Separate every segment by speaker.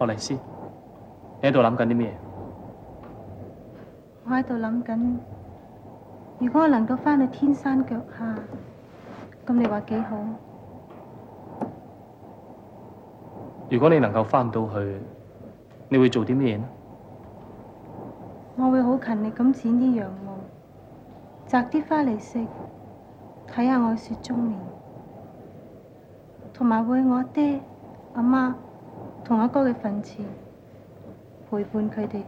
Speaker 1: 學嚟先，你喺度諗緊啲咩？
Speaker 2: 我喺度諗緊，如果我能夠翻去天山腳下，咁你話幾好？
Speaker 1: 如果你能夠翻到去，你會做啲咩嘢呢？
Speaker 2: 我會好勤力咁剪啲羊毛，摘啲花嚟食，睇下我雪中蓮，同埋會我爹阿媽。媽同阿哥嘅墳前陪伴佢哋，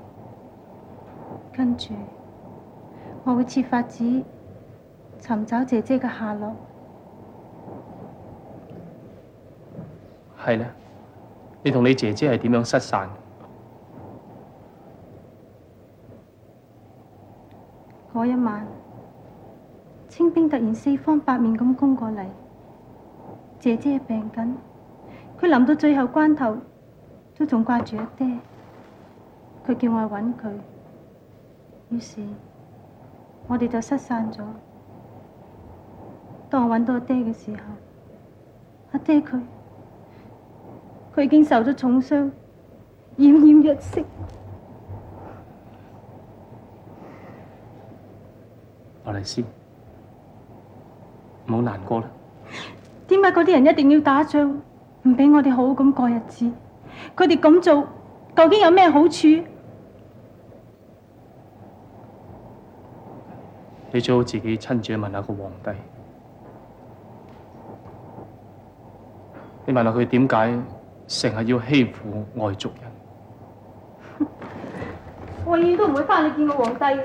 Speaker 2: 跟住我會設法子尋找姐姐嘅下落。
Speaker 1: 係啦，你同你姐姐係點樣失散？
Speaker 2: 嗰一晚，清兵突然四方八面咁攻過嚟，姐姐病緊，佢臨到最後關頭。都仲掛住阿爹，佢叫我揾佢，於是我哋就失散咗。當我揾到阿爹嘅時候，阿爹佢佢已經受咗重傷，奄奄一息。
Speaker 1: 愛麗絲，唔好難過啦。
Speaker 2: 點解嗰啲人一定要打仗，唔俾我哋好好咁過日子？佢哋咁做究竟有咩好處？
Speaker 1: 你最好自己親自問下個皇帝，你問下佢點解成日要欺負外族人。
Speaker 2: 我永遠都唔會翻去見個皇
Speaker 1: 帝嘅。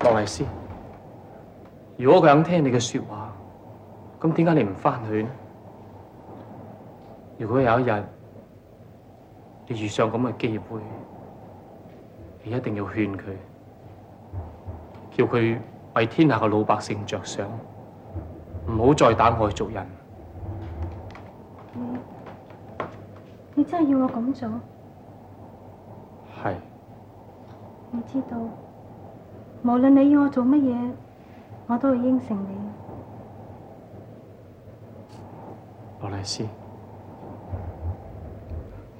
Speaker 1: 勞逸師。如果佢肯聽你嘅說話，咁點解你唔翻去呢？如果有一日你遇上咁嘅機會，你一定要勸佢，叫佢為天下嘅老百姓着想，唔好再打外族人。
Speaker 2: 你，你真係要我咁做？
Speaker 1: 係。
Speaker 2: 你知道，無論你要我做乜嘢。我都會應承你，
Speaker 1: 羅麗斯，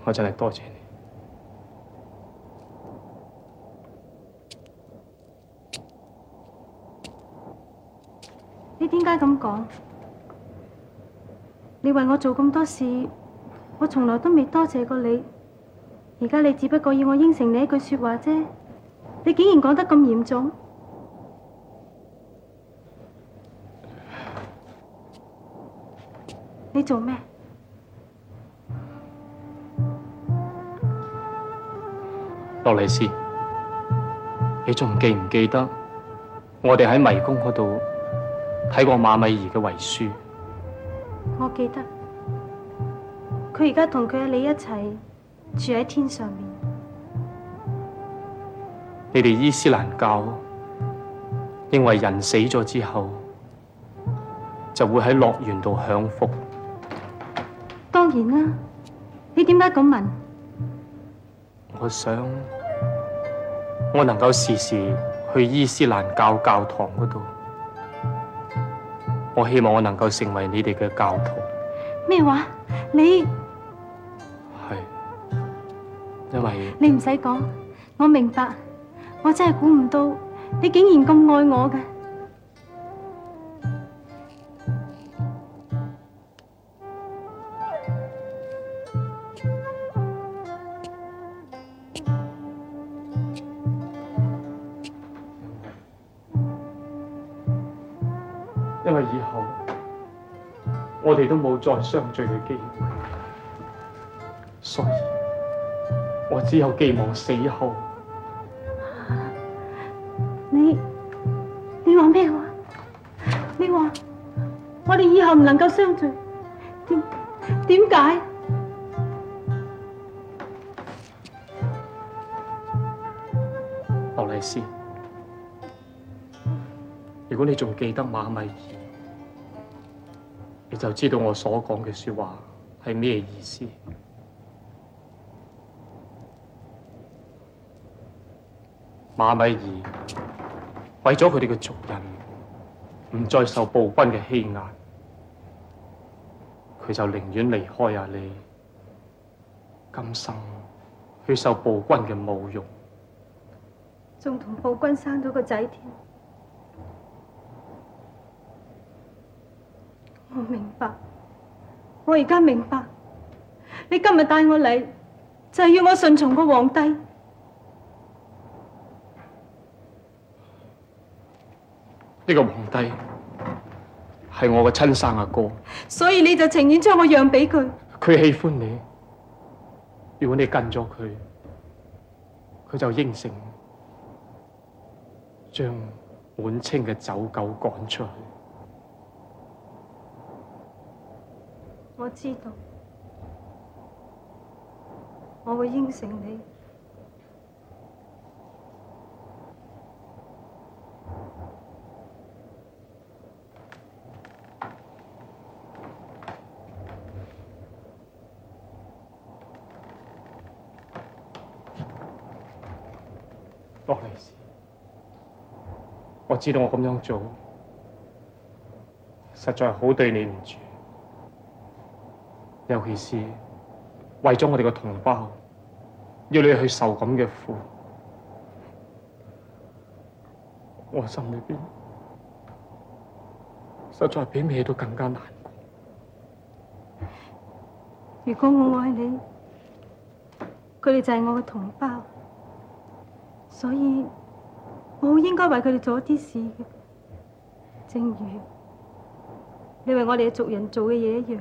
Speaker 1: 我真係多謝你。
Speaker 2: 你點解咁講？你為我做咁多事，我從來都未多謝過你。而家你只不過要我應承你一句說話啫，你竟然講得咁嚴重？你做咩？
Speaker 1: 洛里斯，你仲記唔記得我哋喺迷宮嗰度睇過馬米兒嘅遺書？
Speaker 2: 我記得。佢而家同佢阿你一齊住喺天上面。
Speaker 1: 你哋伊斯蘭教認為人死咗之後就會喺樂園度享福。.
Speaker 2: 然啦，你點解咁問？
Speaker 1: 我想我能夠時時去伊斯蘭教教堂嗰度，我希望我能夠成為你哋嘅教徒。
Speaker 2: 咩話？你
Speaker 1: 係因為
Speaker 2: 你，唔使講，我明白。我真係估唔到你竟然咁愛我嘅。
Speaker 1: 你都冇再相聚嘅機會，所以我只有寄望死後。
Speaker 2: 你你話咩話？你話我哋以後唔能夠相聚，點點解？
Speaker 1: 老雷斯，如果你仲記得馬米爾？你就知道我所講嘅說話係咩意思？馬米兒為咗佢哋嘅族人唔再受暴君嘅欺壓，佢就寧願離開啊！你今生去受暴君嘅侮辱，
Speaker 2: 仲同暴君生咗個仔添。我明白，我而家明白，你今日帶我嚟就係要我順從個皇帝。
Speaker 1: 呢個皇帝係我嘅親生阿哥，
Speaker 2: 所以你就情願將我讓俾佢。
Speaker 1: 佢喜歡你，如果你跟咗佢，佢就應承將滿清嘅走狗趕出去。
Speaker 2: 我知道，我會應承
Speaker 1: 你。唔好意思，我知道我咁樣做，實在好對你唔住。尤其是為咗我哋個同胞要你去受咁嘅苦，我心裏邊實在比咩都更加難。如
Speaker 2: 果我愛你，佢哋就係我嘅同胞，所以我好應該為佢哋做一啲事嘅，正如你為我哋嘅族人做嘅嘢一樣。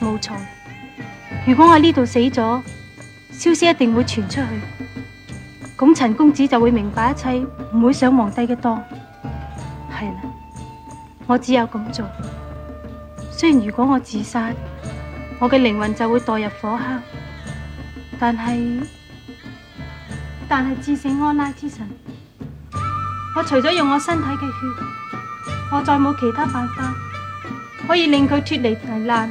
Speaker 2: 冇錯，如果我喺呢度死咗，消息一定會傳出去，咁陳公子就會明白一切，唔會上皇帝嘅當。係啦，我只有咁做。雖然如果我自殺，我嘅靈魂就會墮入火坑，但係但係至死安拉之神，我除咗用我身體嘅血，我再冇其他辦法可以令佢脫離危難。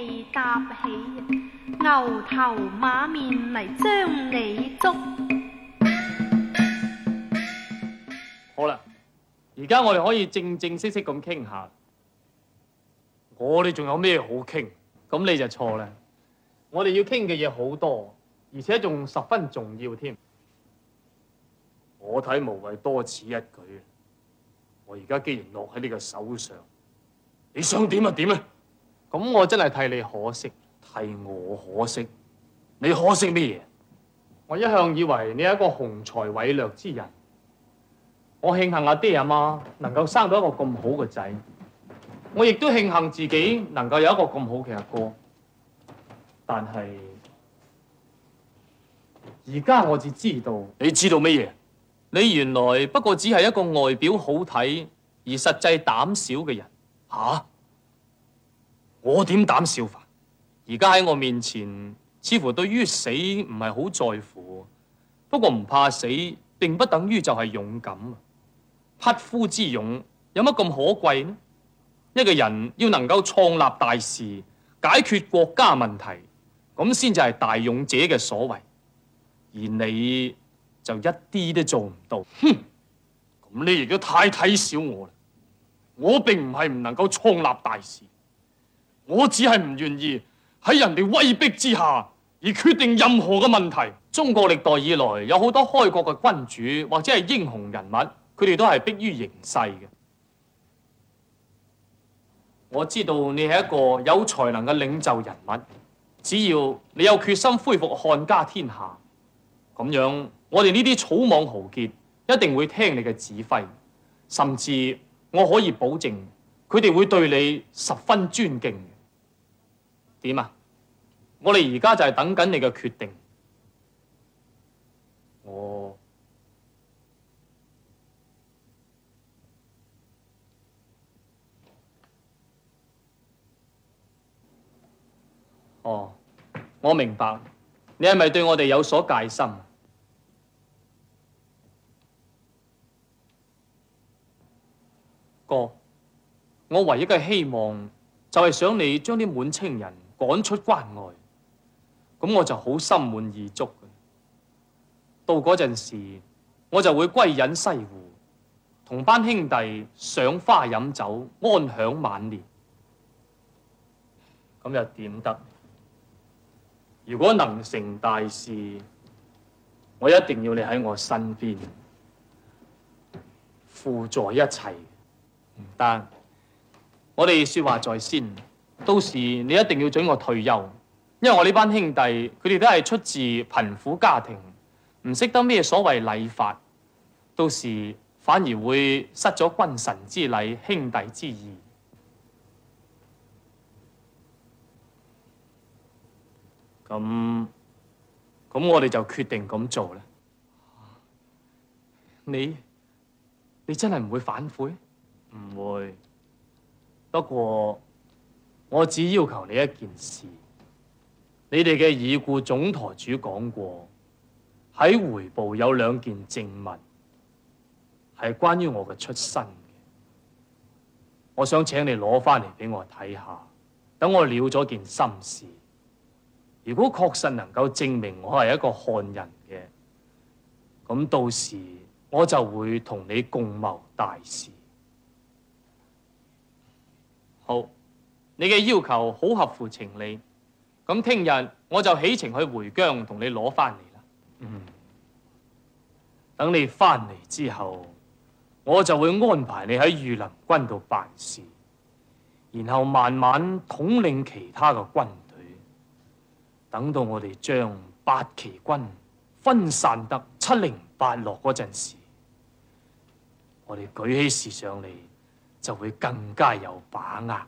Speaker 2: 搭起牛頭馬面嚟將你捉
Speaker 1: 好啦。好啦，而家我哋可以正正式式咁傾下我哋仲有咩好。我哋仲有咩好傾？咁你就錯啦。我哋要傾嘅嘢好多，而且仲十分重要添。我睇無謂多此一舉。我而家既然落喺你個手上，你想點就點咧？咁我真係替你可惜，替我可惜。你可惜咩嘢？我一向以為你係一個雄才偉略之人。我慶幸阿爹阿媽能夠生到一個咁好嘅仔，我亦都慶幸自己能夠有一個咁好嘅阿哥，哥。但係而家我只知道，你知道咩嘢？你原來不過只係一個外表好睇而實際膽小嘅人吓。我點膽笑法？而家喺我面前，似乎對於死唔係好在乎。不過唔怕死，並不等於就係勇敢。匹夫之勇有乜咁可貴呢？一個人要能夠創立大事，解決國家問題，咁先至係大勇者嘅所為。而你就一啲都做唔到。哼！咁你亦都太睇小我啦。我並唔係唔能夠創立大事。我只係唔願意喺人哋威逼之下而決定任何嘅問題。中國歷代以來有好多開國嘅君主或者係英雄人物，佢哋都係迫於形勢嘅。我知道你係一個有才能嘅領袖人物，只要你有決心恢復漢家天下，咁樣我哋呢啲草莽豪傑一定會聽你嘅指揮，甚至我可以保證佢哋會對你十分尊敬。點啊？我哋而家就係等緊你嘅決定。
Speaker 3: 我，
Speaker 1: 哦，我明白。你係咪對我哋有所戒心？哥，我唯一嘅希望就係想你將啲滿清人。趕出關外，咁我就好心滿意足。到嗰陣時，我就會歸隱西湖，同班兄弟賞花飲酒，安享晚年。咁又點得？如果能成大事，我一定要你喺我身邊，輔助一齊。唔得，我哋說話在先。到時你一定要准我退休，因為我呢班兄弟佢哋都係出自貧苦家庭，唔識得咩所謂禮法，到時反而會失咗君臣之禮、兄弟之義。咁咁，我哋就決定咁做啦。你你真係唔會反悔？唔會，不過。我只要求你一件事，你哋嘅已故總舵主講過，喺回報有兩件證物係關於我嘅出身嘅，我想請你攞返嚟俾我睇下，等我了咗件心事。如果確實能夠證明我係一個漢人嘅，咁到時我就會同你共謀大事。好。你嘅要求好合乎情理，咁聽日我就起程去回疆同你攞翻嚟啦。嗯，等你翻嚟之後，我就會安排你喺御林軍度辦事，然後慢慢統領其他嘅軍隊。等到我哋將八旗軍分散得七零八落嗰陣時，我哋舉起事上嚟，就會更加有把握。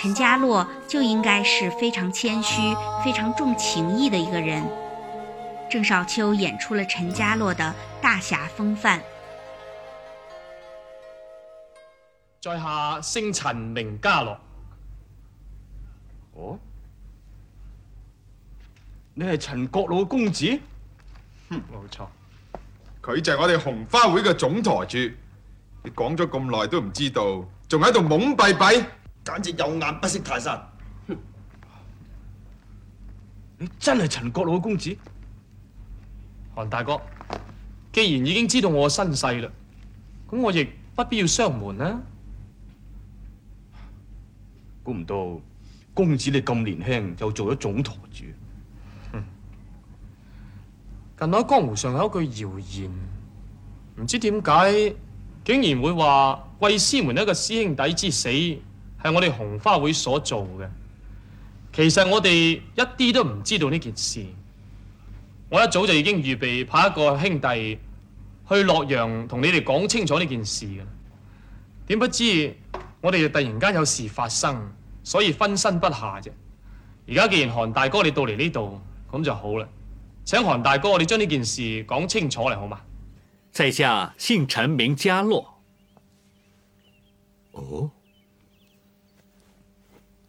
Speaker 3: 陳家洛就應該是非常謙虛、非常重情義的一個人。鄭少秋演出了陳家洛的大俠風範。
Speaker 1: 在下姓陳樂，名家洛。哦，你係陳國老公子？哼、嗯，冇錯。佢就係我哋紅花會嘅總舵主。你講咗咁耐都唔知道，仲喺度懵閉閉？簡直有眼不識泰山！你真係陳國老嘅公子。韓大哥，既然已經知道我嘅身世啦，咁我亦不必要相瞞啦，啊。
Speaker 4: 估唔到公子你咁年輕就做咗總舵主。
Speaker 1: 近來江湖上有一句謠言，唔知點解竟然會話貴師門一個師兄弟之死。係我哋紅花會所做嘅，其實我哋一啲都唔知道呢件事。我一早就已經預備派一個兄弟去洛陽同你哋講清楚呢件事嘅，點不知我哋就突然間有事發生，所以分身不下啫。而家既然韓大哥你到嚟呢度，咁就好啦，請韓大哥你將呢件事講清楚
Speaker 4: 嚟好嘛？在下姓陳名家洛。哦。Oh?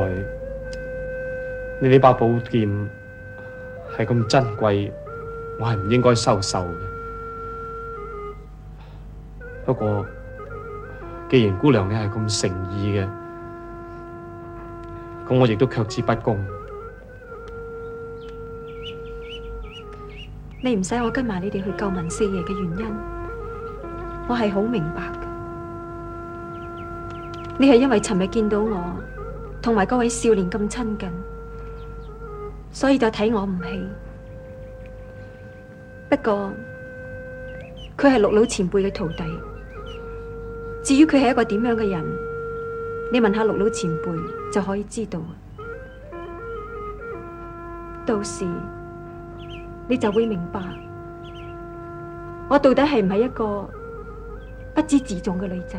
Speaker 1: 來，你呢把寶劍係咁珍貴，我係唔應該收受嘅。不過，既然姑娘你係咁誠意嘅，咁我亦都卻之不恭。
Speaker 2: 你唔使我跟埋你哋去救文四爺嘅原因，我係好明白嘅。你係因為尋日見到我。同埋嗰位少年咁親近，所以就睇我唔起。不過佢係陸老前輩嘅徒弟，至於佢係一個點樣嘅人，你問下陸老前輩就可以知道。到時你就會明白，我到底係唔係一個不知自重嘅女仔。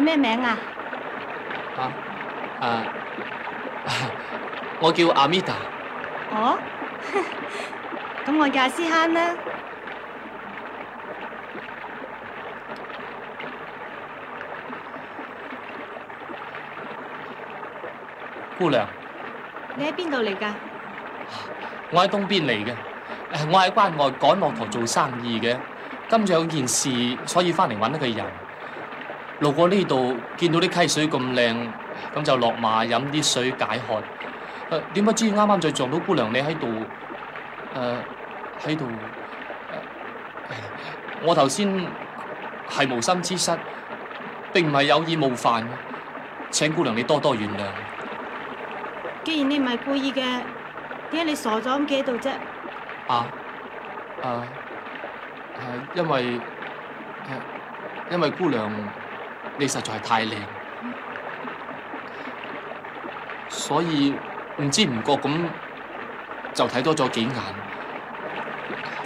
Speaker 2: 咩名啊？啊，誒，
Speaker 1: 我叫阿
Speaker 2: 彌達。哦，咁我叫阿斯慳啦。
Speaker 1: 姑娘，
Speaker 2: 你喺邊度嚟噶？
Speaker 1: 我喺東邊嚟嘅。誒，我喺關外趕駱駝做生意嘅，今朝有件事，所以翻嚟揾一個人。路過呢度，見到啲溪水咁靚，咁就落馬飲啲水解渴。誒，點不知啱啱再撞到姑娘你喺度，誒喺度。我頭先係無心之失，並唔係有意冒犯，請姑娘你多多原諒。
Speaker 2: 既然你唔係故意嘅，點解你傻咗咁企喺度啫？
Speaker 1: 啊，啊？因為、啊、因為姑娘。你實在係太靚，所以唔知唔覺咁就睇多咗幾眼，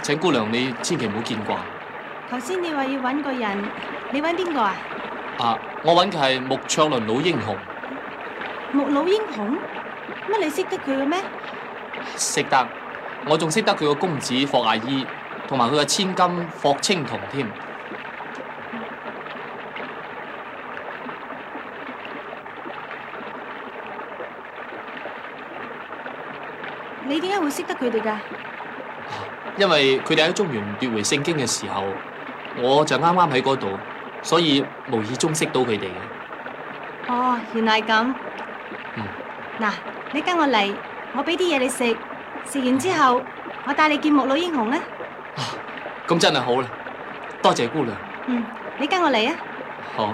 Speaker 1: 請姑娘你千祈唔好見怪。
Speaker 2: 頭先你話要搵個人，你搵邊個啊？
Speaker 1: 啊，我搵嘅係木卓倫老英雄。
Speaker 2: 木老英雄？乜你識得佢嘅咩？
Speaker 1: 識得，我仲識得佢個公子霍阿伊，同埋佢個千金霍青桐添。
Speaker 2: 你點解會識得佢哋噶？
Speaker 1: 因為佢哋喺中原奪回聖經嘅時候，我就啱啱喺嗰度，所以無意中識到佢哋嘅。
Speaker 2: 哦，原來咁。嗯。嗱，你跟我嚟，我俾啲嘢你食。食完之後，我帶你見木老英雄啦。啊，
Speaker 1: 咁真係好啦，多謝姑娘。
Speaker 2: 嗯，你跟我嚟啊。
Speaker 1: 好。